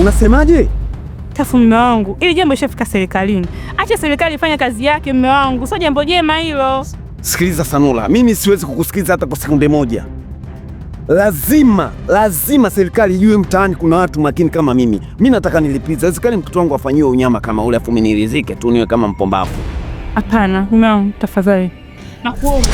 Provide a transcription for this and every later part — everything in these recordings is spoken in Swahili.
Unasemaje? Tafu mume wangu, ili jambo ishafika serikalini. Acha serikali ifanye kazi yake mume wangu, sio jambo jema hilo. Sikiliza sanula mimi siwezi kukusikiliza hata kwa sekunde moja. Lazima lazima serikali ijue mtaani kuna watu makini kama mimi. Mi nataka nilipiza, wezekani mtoto wangu afanyiwe unyama kama ule, afu minirizike tu niwe kama mpombavu. Hapana mume wangu, tafadhali nakuomba.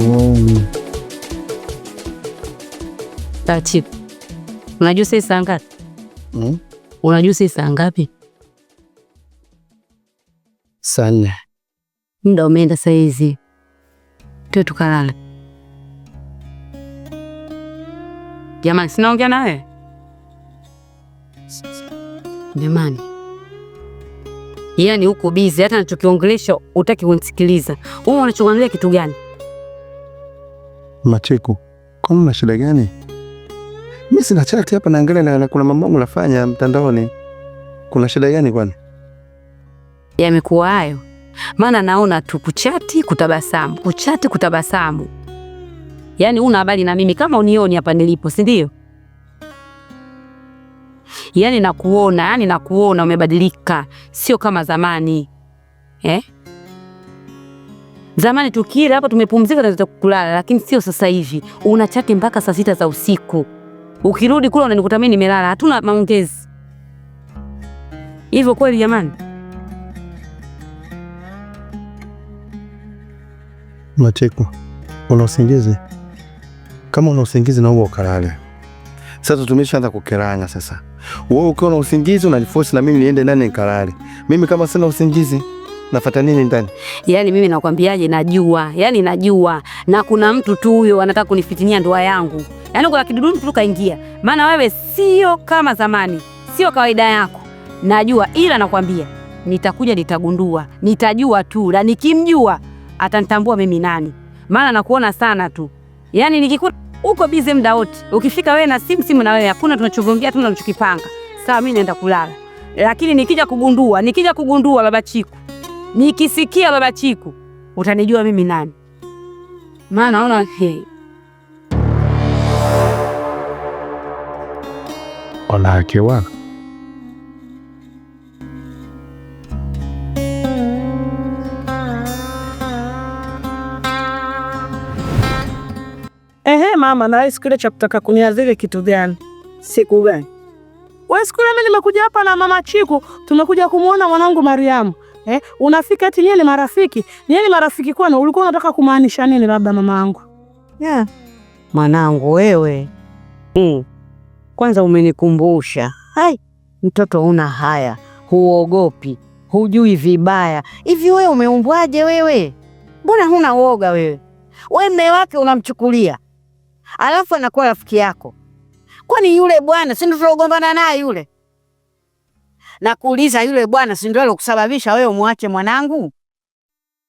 kuomi tachik. Unajua sasa saa ngapi? Mm? Unajua sasa saa ngapi? saa nne. Muda umeenda saa hizi, tuwe tukalala. Jamani, sinaongea nawe jamani. Yaani huko bizi, hata nachokiongelesha utaki kunisikiliza. Wewe unachoangalia kitu gani? Machiku, kwani una shida gani? Mimi sina chati hapa, naangalia na kuna mambo yangu nafanya mtandaoni. Kuna shida gani kwani? Yamekuwa hayo, maana naona tu kuchati kutabasamu, kuchati kutabasamu. Yaani una habari na mimi kama unioni hapa nilipo, si ndio? Yaani nakuona, yaani nakuona umebadilika, sio kama zamani eh? Zamani tukila hapa tumepumzika na tutakulala, lakini sio sasa hivi. Una chati mpaka saa sita za usiku, ukirudi kule unanikuta mimi nimelala. Hatuna maongezi hivyo kweli jamani? Nachekwa. Una usingizi? Kama una usingizi na ukalale. Sasa tumeshaanza kukeranya sasa. Wewe ukiwa na usingizi unaniforce na mimi niende ndani nikalale. Mimi kama sina usingizi Nafata nini ndani? Yaani mimi nakwambiaje, najua yaani najua, na kuna mtu tu huyo anataka kunifitinia ndoa yangu, yaani kuna kidudu tu kaingia. Maana wewe sio kama zamani, sio kawaida yako, najua, ila nakwambia nitakuja, nitagundua, nitajua tu, na nikimjua atanitambua mimi nani, maana nakuona sana tu, yaani nikikuta uko bize muda wote, ukifika wewe na simu simu, na wewe hakuna tunachogongea tu na tunachokipanga. Sawa, mimi naenda kulala, lakini nikija kugundua, nikija kugundua, baba Chiku Nikisikia baba Chiku utanijua mimi nani, maana naona hey. Onakewa ehe, mama na siku ile cha kutaka kuniadhiri kitu gani? Siku gani? We sikule, mimi nimekuja hapa na mama Chiku, tumekuja kumwona mwanangu Mariamu Eh, unafika ati nyie ni marafiki? Nyie ni marafiki kwenu? Ulikuwa unataka kumaanisha nini labda mamaangu? Yeah. Mwanangu wewe. Mm. Kwanza umenikumbusha. Hai, mtoto una haya, huogopi, hujui vibaya. Hivi wewe umeumbwaje wewe? Mbona huna uoga wewe? Wewe mme wake unamchukulia. Alafu anakuwa rafiki yako. Kwani yule bwana si ndio tulogombana naye yule? na kuuliza yule bwana si ndio alokusababisha wewe umwache mwanangu?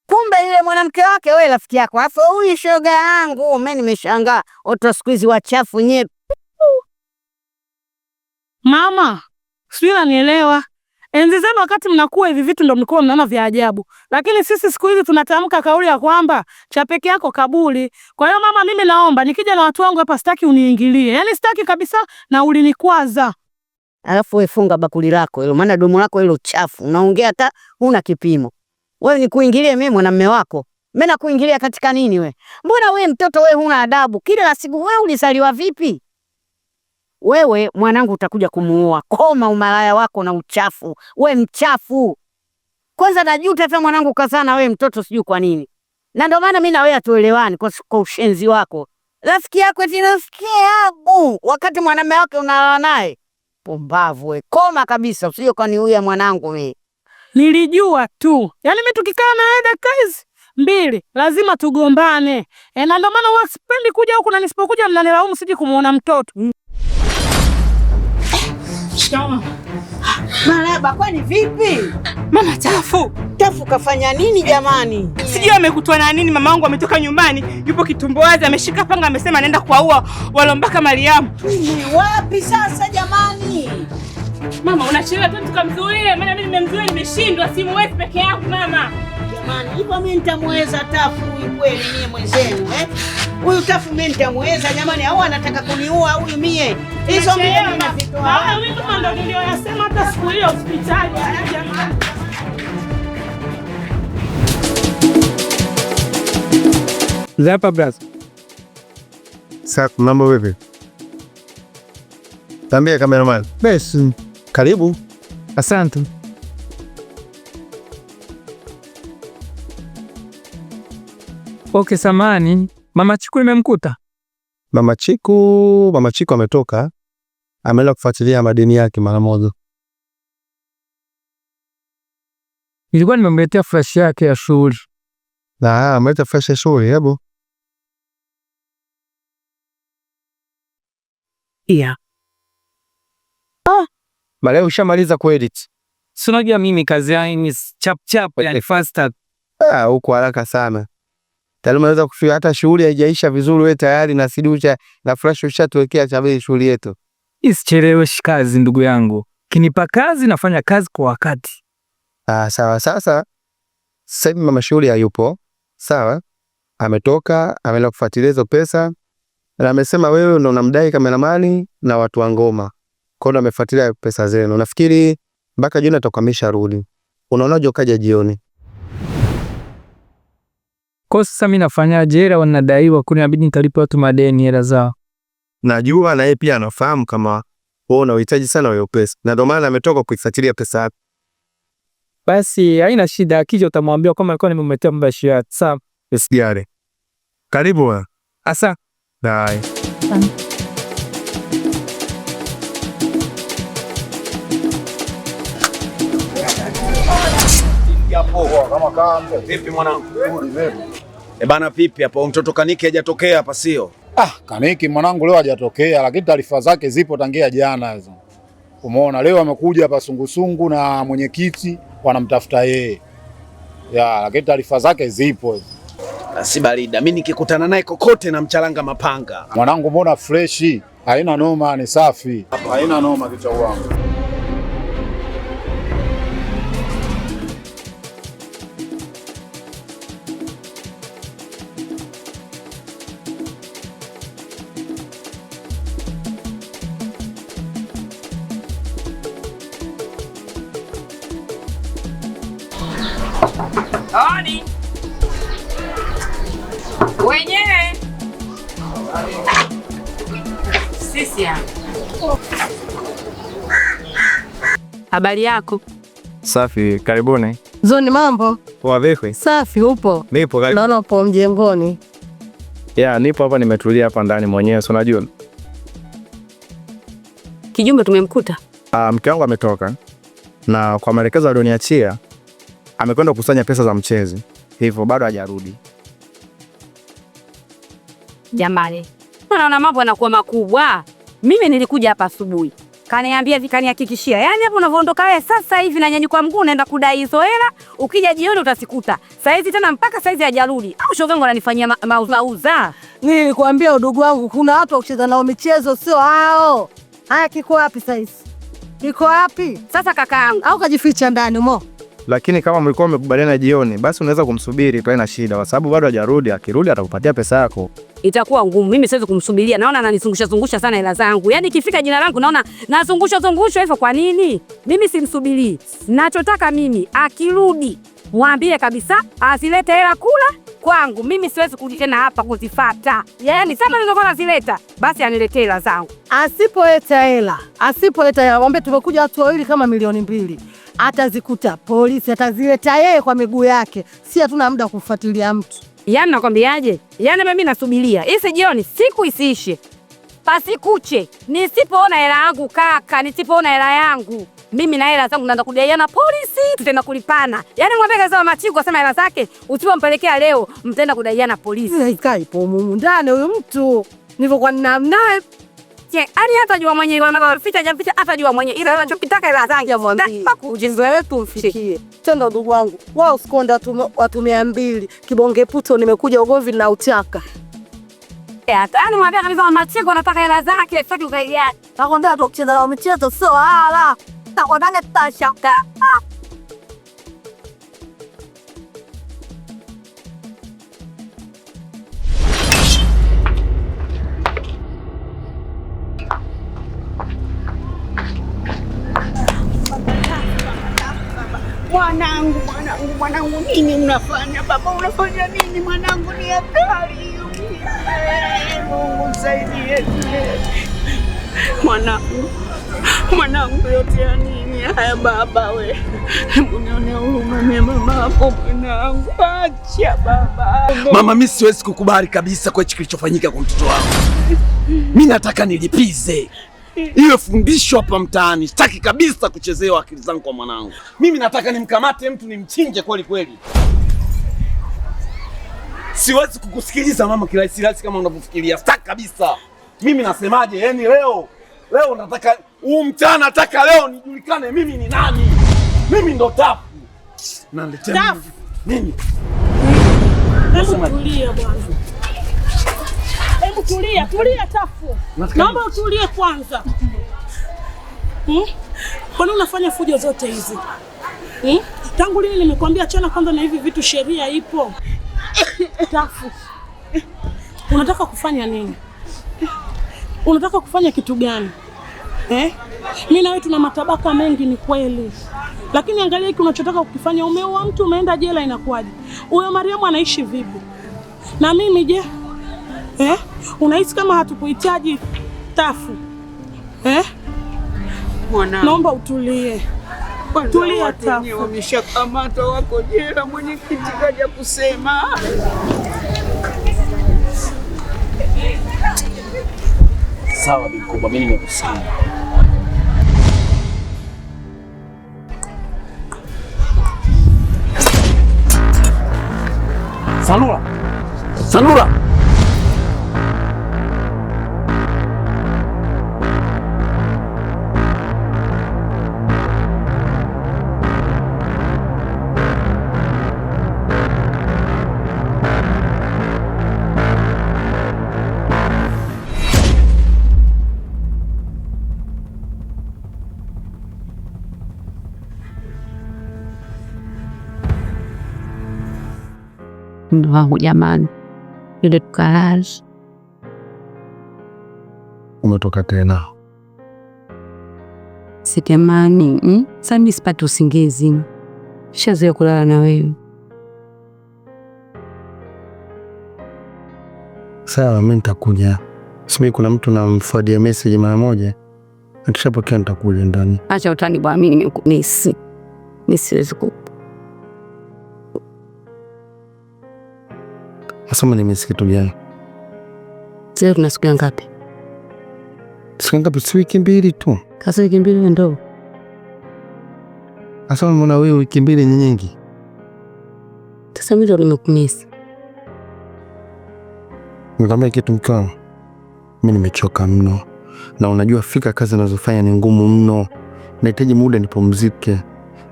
Kumbe yule mwanamke wake wewe rafiki yako. Afu huyu shoga yangu, mimi nimeshangaa watu siku hizi wachafu nyewe. Mama, sijui nanielewa. Enzi zenu wakati mnakuwa hivi vitu ndio mlikuwa mnaona vya ajabu, lakini sisi siku hizi tunatamka kauli ya kwamba cha peke yako kaburi. Kwa hiyo mama, mimi naomba nikija na watu wangu hapa, sitaki uniingilie, yaani sitaki kabisa, na ulinikwaza alafu wewe funga bakuli lako hilo, maana domo lako hilo chafu, unaongea hata una kipimo. Wewe ni kuingilia mimi mwanamume wako? Mimi na kuingilia katika nini wewe? Mbona wewe mtoto wewe huna adabu? Kila la siku wewe ulizaliwa vipi? Wewe mwanangu utakuja kumuoa. Koma umalaya wako na uchafu. We mchafu. Kwanza najuta hata mwanangu kazaa na wewe mtoto sijui kwa nini. Na ndio maana mimi na wewe hatuelewani kwa, kwa ushenzi wako. Rafiki yako eti rafiki yangu wakati mwanamume wake unalala naye. Pumbavu we, koma kabisa, usije ukaniuya mwanangu. Mi nilijua tu, yaani mi tukikaa na wewe dakika hizi mbili lazima tugombane e, na ndio maana huwa sipendi kuja huku, na nisipokuja mnanilaumu siji kumuona mtoto mm. Malaba, Maraba, kwani vipi mama Tafu? Tafu kafanya nini jamani? Sijui amekutwa na nini. Mama wangu ametoka nyumbani, yupo kitumboazi, ameshika panga, amesema anaenda kuwaua walombaka Mariamu. wapi sasa jamani? Mama, unachelewa tu tukamzuie, maana mimi nimemzuia nimeshindwa, simuwezi peke yangu mama. Jamani, hivyo mimi nitamweza Tafu huyu kweli mie mwenzenu eh? Huyu Tafu mimi nitamweza jamani, au anataka kuniua huyu mie. Hizo mimi ninazitoa. Mimi kama ndio niliyosema hata siku hiyo hospitali eh, jamani. Zapa bras. Sasa mambo vipi? Tambia kameraman. Besi. Karibu. Asante. Okay, samani. Mama Chiku nimemkuta. Mama Chiku, Mama Chiku ametoka. Ameenda kufuatilia madeni yake mara moja. Nilikuwa nimemletea fresh yake ya shule. Na, ameleta fresh ya shule, hebu. Yeah. Maleo ushamaliza kuedit. Si unajua mimi kazi yangu ni chap chap, yani eh. fast faster. Ah, huko haraka sana. Tayari unaweza kufika hata shughuli haijaisha vizuri wewe tayari na sidusha na flash ushatuwekea vile shughuli yetu. Isichelewe kazi ndugu yangu. Kinipa kazi nafanya kazi kwa wakati. Ah, sawa sasa. Sasa hivi mama shughuli hayupo. Sawa? Ametoka, ameenda kufuatilia hizo pesa. Na amesema wewe ndo unamdai kameramani na watu wa ngoma. Kwa hiyo amefuatilia pesa zenu. Nafikiri mpaka jioni atakwamisha rudi. Unaonaje ukaja jioni? Kwa sasa mimi nafanyaje? Hela wanadaiwa, kuni, inabidi nitalipa watu madeni hela zao. Najua na yeye pia anafahamu kama wewe unahitaji sana hiyo pesa. Na ndio maana ametoka kuifuatilia pesa yako. Basi haina shida, akija utamwambia kama alikuwa nimemletea mbashi ya sawa. Yes, karibu. Asa. Bye. Vipi mwanangu? Eh bana, vipi hapo mtoto Kaniki hajatokea hapa sio? Ah, Kaniki mwanangu leo hajatokea, lakini taarifa zake zipo tangia jana hizo. Umeona leo amekuja hapa sungusungu na mwenyekiti wanamtafuta yeye. Ya, lakini taarifa zake zipo hizo. Ah, si barida, mimi nikikutana naye kokote na mchalanga mapanga. Mwanangu mbona freshi? Haina noma, ni safi. Haina noma kichwa wangu. Habari yako? Safi, karibuni. Zoni, mambo poa? Vipi? Safi. Upo? Nipo. karibu. Naona upo mjengoni. Yeah, nipo hapa, nimetulia hapa ndani mwenyewe, si unajua kijumbe tumemkuta. Uh, mke wangu ametoka na kwa maelekezo alioniachia amekwenda kukusanya pesa za mchezi, hivyo bado hajarudi. Jamani, naona mambo yanakuwa makubwa. Mimi nilikuja hapa asubuhi kaniambia hivi, kanihakikishia, yaani hapo unavyoondoka wewe sasa hivi na nyanyuka mguu unaenda kudai hizo hela, ukija jioni utasikuta. Saizi tena mpaka saizi hajarudi, au shoga shogangu ananifanyia ma mauza mauza. Nilikwambia udugu wangu, kuna watu wakucheza nao michezo sio hao. Haya, kiko wapi saizi? Kiko wapi sasa kaka yangu? Au kajificha ndani mo? Lakini kama mlikuwa mmekubaliana jioni, basi unaweza kumsubiri, kae na shida, kwa sababu bado hajarudi. Akirudi atakupatia pesa yako itakuwa ngumu. Mimi siwezi kumsubiria, naona ananizungusha zungusha sana hela zangu. Yani ikifika jina langu naona nazungushwa zungushwa hivyo. Kwa nini? Mimi simsubirii. Nachotaka mimi akirudi, waambie kabisa azilete hela kula kwangu. Mimi siwezi kurudi tena hapa kuzifata. Yani sana nilikuwa nazileta, basi aniletee hela zangu. Asipoleta hela, asipoleta hela, mwambie tumekuja watu wawili kama milioni mbili atazikuta polisi, atazileta yeye kwa miguu yake. Si hatuna muda wa kumfuatilia mtu. Yani nakwambiaje? Yani mimi nasubiria isi jioni, siku isiishe pasikuche, nisipoona hela yangu kaka, nisipoona hela yangu mimi na hela zangu naanza kudaiana polisi, tutaenda kulipana. Yaani mwambie kaza Machiku asema hela zake usipompelekea leo mtaenda kudaiana polisi. Haikai mumu ndani huyu mtu. Nilivyokuwa ninaye Je, ani hatajua mwenye wanaficha jaficha hatajua mwenye ile anachokitaka ila zangia mwambie. Mpaka ujizoe wetu umfikie. Tendo ndugu wangu, wao sikonda watu mia mbili. Kibonge puto nimekuja ugovi na utaka. Ya, eh, tani mwambia kabisa machiko nataka ila zake, sitaki ukaiaje. Nakwambia tu kucheza na mchezo sio hala. Takwambia tutashangaa. Mwanangu, mwanangu, mwanangu, nini mnafanya? Baba, unafanya nini mwanangu? Ni hatari. Mungu saidie mwanangu, mwanangu, yote ya nini haya baba? We huruma mwanangu, acha baba. Mama, mi siwezi kukubali kabisa kwa hichi kilichofanyika kwa mtoto wangu. Mi nataka nilipize iwe fundisho hapa mtaani. Sitaki kabisa kuchezewa akili zangu kwa mwanangu. Mimi nataka nimkamate mtu nimchinje kweli kweli. Siwezi kukusikiliza mama kirahisi rahisi kama unavyofikiria. Sitaki kabisa. Mimi nasemaje? Yaani leo leo nataka huu mtaa, nataka leo nijulikane mimi ni nani. Mimi ndo tafu. Na Naletea nini? Hebu tulia bwana. Chafu, tulia, tulia chafu. Naomba utulie kwanza. Hmm? kwani unafanya fujo zote hizi? Hmm? Tangu lini nimekwambia chana kwanza na hivi vitu, sheria ipo. Chafu. Unataka kufanya nini? Unataka kufanya kitu gani? Eh? Mimi na wewe tuna matabaka mengi, ni kweli, lakini angalia hiki unachotaka kukifanya. Umeua mtu, umeenda jela, inakuwaje? Huyo Mariamu anaishi vipi? Na mimi je? eh? Unahisi kama hatukuhitaji Tafu eh? Mwanangu, Naomba utulie, tulia Tafu. Wameshakamata wako jela, mwenyekiti kaja kusema sawa. Bi Mkubwa, mimi nimekusanya. Salura, Salura upendo wangu jamani, ile tukalazi. Umetoka tena sitemani mm? Sasa mimi sipati usingizi, shazoea kulala na wewe. Sawa, mi nitakuja. Simi kuna mtu namfuadia message mara moja, akishapokea nitakuja ndani. Acha utani bwana, mimi nimekumisi, mimi siwezi ni nimisi kitu gani? Sasa tuna siku ngapi? Siku ngapi? Si wiki mbili tu. Sasa wiki mbili ndo. Sasa mbona wewe wiki mbili ni nyingi? Sasa mimi ndo nimekumisi. Nikamwambia kitu mkao. Mimi nimechoka mno na unajua fika kazi ninazofanya ni ngumu mno. Nahitaji muda nipumzike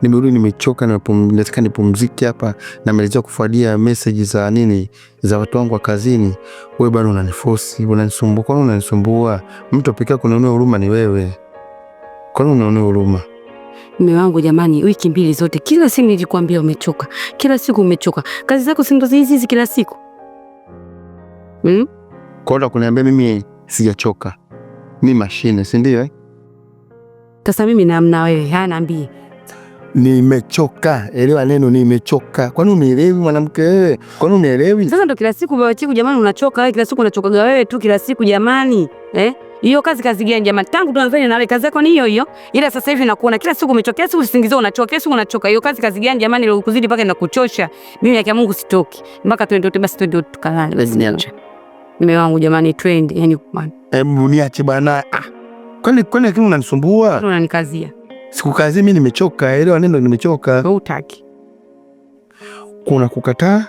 nimerudi nimechoka, nataka nipumzike hapa, namalizia kufuatia message za nini za watu wangu wa kazini. Wewe bado unanifosi, unanisumbua. Kwani unanisumbua? Mtu pekee kunaonea huruma ni wewe. Kwani unaonea huruma? Mume wangu jamani, wiki mbili zote, kila siku nilikwambia umechoka, kila siku umechoka. Kazi zako si ndo hizi hizi kila siku mm? Kwani kuniambia mimi sijachoka? ni mashine, si ndio eh? Sasa mimi namna wewe, haya, hanaambii nimechoka. Elewa neno nimechoka. Kwani unielewi mwanamke wewe? Kwani unielewi? Sasa ndo kila siku baba chiku, jamani, unachoka wewe, kila siku unachokaga wewe tu kila siku jamani, eh? Hiyo kazi kazi gani jamani? Tangu tuanzane na kazi yako ni hiyo hiyo. Ila sasa hivi nakuona kila siku umechokea, siku usingizie, unachoka, kila siku unachoka. Hiyo kazi kazi gani jamani ile ukuzidi mpaka inakuchosha. Mimi yake Mungu sitoki. Mpaka twende basi twende tukalale basi niache. mimi wangu jamani twende, yani. Hebu niache bwana. Ah. Kwani kwani lakini unanisumbua? Unanikazia siku kazi, mimi nimechoka, elewa neno nimechoka. Utaki Kuna kukataa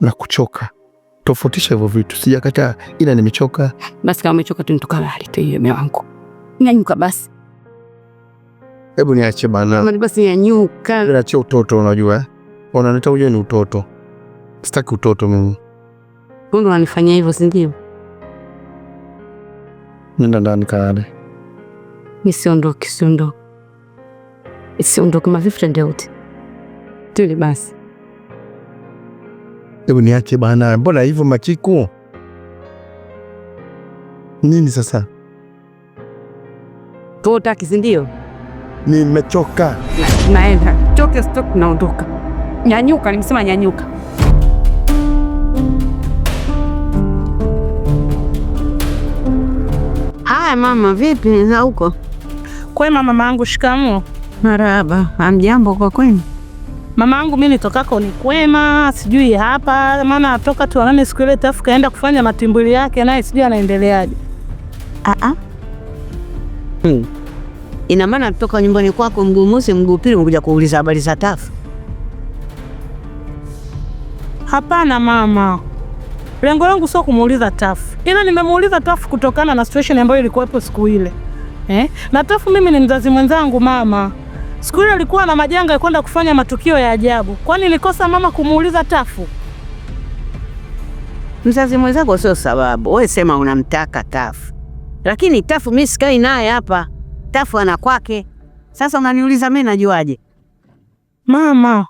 na kuchoka, tofautisha hivyo vitu. Sijakataa ila nimechoka. Basi kama umechoka tuntukabali tu hiyo, mume wangu nyanyuka basi. Hebu niache bana. Basi nyanyuka. Niache utoto, unajua unanita ujue ni utoto. Sitaki utoto mimi. Unanifanyia hivyo si ndio? Nenda ndani kaale. Isiondoke, isiondoke, isiondoke, mavivu twende wote tuli basi. Hebu niache bana, mbona hivyo Machiku? Nini sasa? Tutaki sindio ni Nimechoka, naenda choke stok, naondoka. Nyanyuka, nimesema nyanyuka. Haya mama, vipi za huko? Kwema mamaangu, shikamoo. Marahaba. Amjambo kwa kwenu mamaangu, mimi nitokako ni kwema, sijui hapa maana toka tuonane siku ile tafu kaenda kufanya matimbuli yake, naye sijui anaendeleaje. Ah, ah. hmm. Ina maana toka nyumbani kwako mguu mosi mguu pili mkuja kuuliza habari za tafu? Hapana mama, lengo langu sio kumuuliza tafu, ila nimemuuliza tafu kutokana na situation ambayo ilikuwepo siku ile eh? Na tafu mimi ni mzazi mwenzangu mama. Siku ile alikuwa na majanga ya kwenda kufanya matukio ya ajabu. Kwani nilikosa mama kumuuliza Tafu? Mzazi mwenzangu sio sababu. Wewe sema unamtaka Tafu, lakini Tafu mimi sikai naye hapa. Tafu ana kwake. Sasa unaniuliza mimi najuaje mama?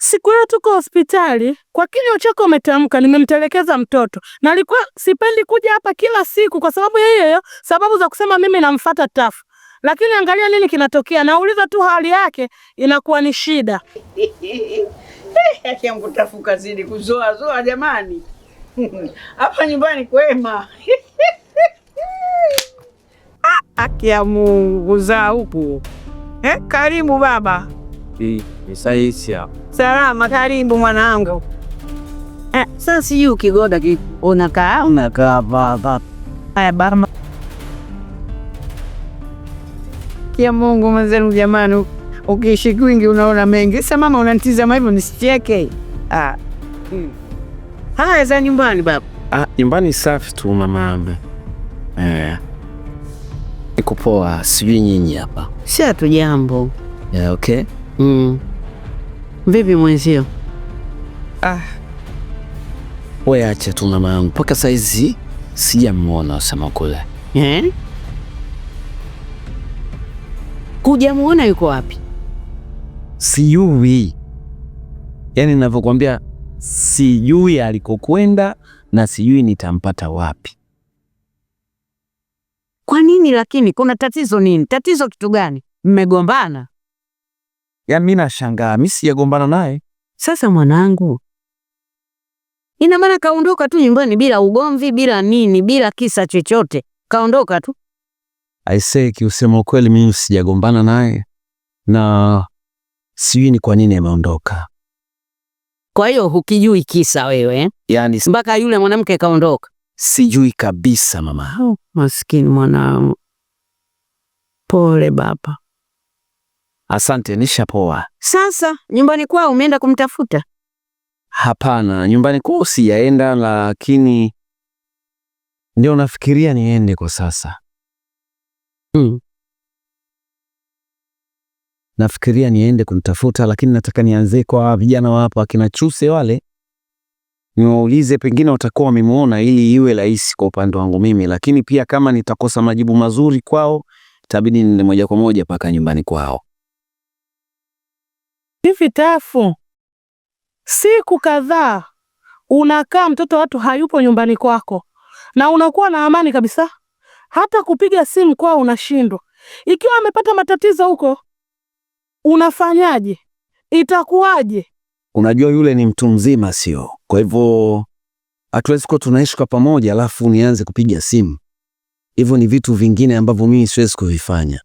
Siku hiyo tuko hospitali, kwa kinywa chako umetamka nimemtelekeza mtoto, na alikuwa sipendi kuja hapa kila siku kwa sababu hiyo hiyo, sababu za kusema mimi namfuata Tafu. Lakini angalia nini kinatokea, nauliza tu hali yake inakuwa ni shida. yangu Tafu kazidi kuzoa zoa jamani, hapa nyumbani kwema. Ah, Aki ya Mungu za huku eh, karibu baba vipi? Ni saisi hapo. Salama, karibu mwanangu. Eh, sasa sijui ukigoda kitu unakaa unakaa baba. Haya barma. Kia Mungu mwenzenu jamani, ukiishi kwingi unaona mengi. Sasa mama unanitizama hivyo nisicheke. Ah. Hmm. Haya za nyumbani baba. Ah, nyumbani safi tu mama. ambe. Eh. Niko poa, sijui nyinyi hapa. Si atu jambo. Yeah, okay. Mm. Vipi mwenzio? Ah. Wewe acha tu mama yangu. Mpaka saizi sijamwona Osama kule. Eh? Kujamuona yuko wapi? Sijui. Yaani ninavyokuambia sijui alikokwenda na sijui nitampata wapi. Kwa nini lakini kuna tatizo nini? Tatizo kitu gani? Mmegombana? Yaani mimi nashangaa, mimi sijagombana naye. Sasa mwanangu, ina maana kaondoka tu nyumbani bila ugomvi, bila nini, bila kisa chochote, kaondoka tu. say, kiusema ukweli, mimi sijagombana naye na sijui ni kwa nini ameondoka. Kwa hiyo hukijui kisa wewe, eh? yaani mpaka yule mwanamke kaondoka? Sijui kabisa mama. Oh, maskini mwanangu, pole baba. Asante, nishapoa. Sasa nyumbani kwao umeenda kumtafuta? Hapana, nyumbani kwao sijaenda, lakini ndio nafikiria niende kwa sasa mm. Nafikiria niende kumtafuta, lakini nataka nianze kwa vijana wa hapa akina Chuse wale niwaulize, pengine watakuwa wamemuona, ili iwe rahisi kwa upande wangu mimi. Lakini pia kama nitakosa majibu mazuri kwao, tabidi niende moja kwa moja mpaka nyumbani kwao hivi Tafu, siku kadhaa unakaa mtoto watu hayupo nyumbani kwako, na unakuwa na amani kabisa, hata kupiga simu kwao unashindwa. Ikiwa amepata matatizo huko, unafanyaje? Itakuwaje? Unajua yule ni mtu mzima, sio? Kwa hivyo hatuwezi kuwa tunaishi kwa pamoja alafu nianze kupiga simu. Hivyo ni vitu vingine ambavyo mimi siwezi kuvifanya,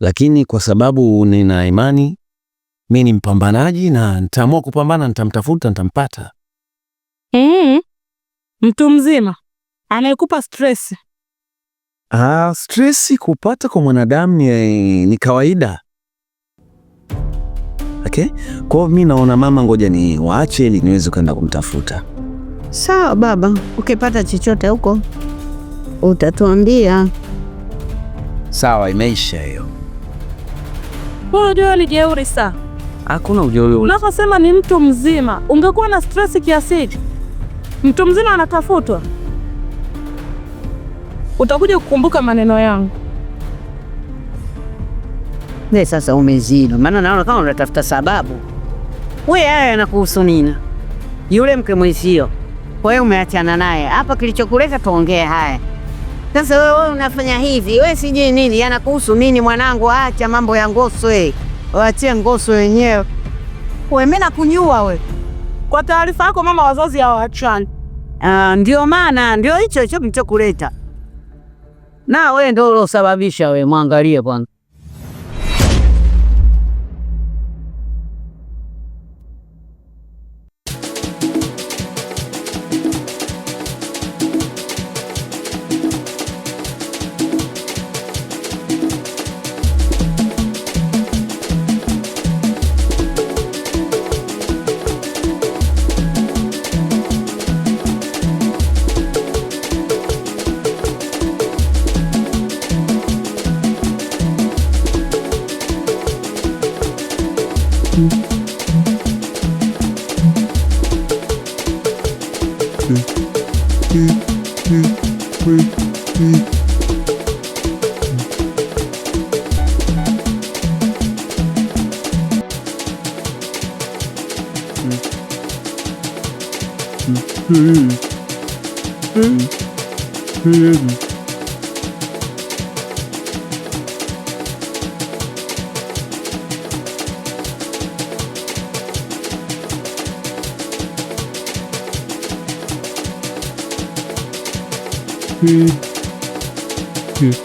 lakini kwa sababu nina imani mi ni mpambanaji na nitaamua kupambana, nitamtafuta, nitampata. Mm, mtu mzima anayekupa stress. Ah, stress kupata kwa mwanadamu ni, ni kawaida. Okay, kwa hiyo mi naona mama, ngoja ni waache ili niweze kwenda kumtafuta. Sawa baba, ukipata chochote huko utatuambia. Sawa, imeisha hiyo. Huyu ni jeuri saa Hakuna ujeuri. Unavyosema ni mtu mzima, ungekuwa na stress kiasi hicho? Mtu mzima anatafutwa? Utakuja kukumbuka maneno yangu. Ne, sasa umezino maana naona kama unatafuta sababu. We, haya yanakuhusu nini? Yule mke mwenzio, kwa hiyo umeachana naye hapa, kilichokuleta tuongee haya sasa. Wewe unafanya hivi, we sijui nini, yanakuhusu nini? Mwanangu, acha mambo ya ngoswe. Eh waachie ngosu wenyewe. Wewe mimi nakunyua we. Kwa taarifa yako mama, wazazi hawaachani. Ah, ndio maana ndio hicho hicho mchokuleta na we ndo ulosababisha. We mwangalie bwana. Mm-hmm.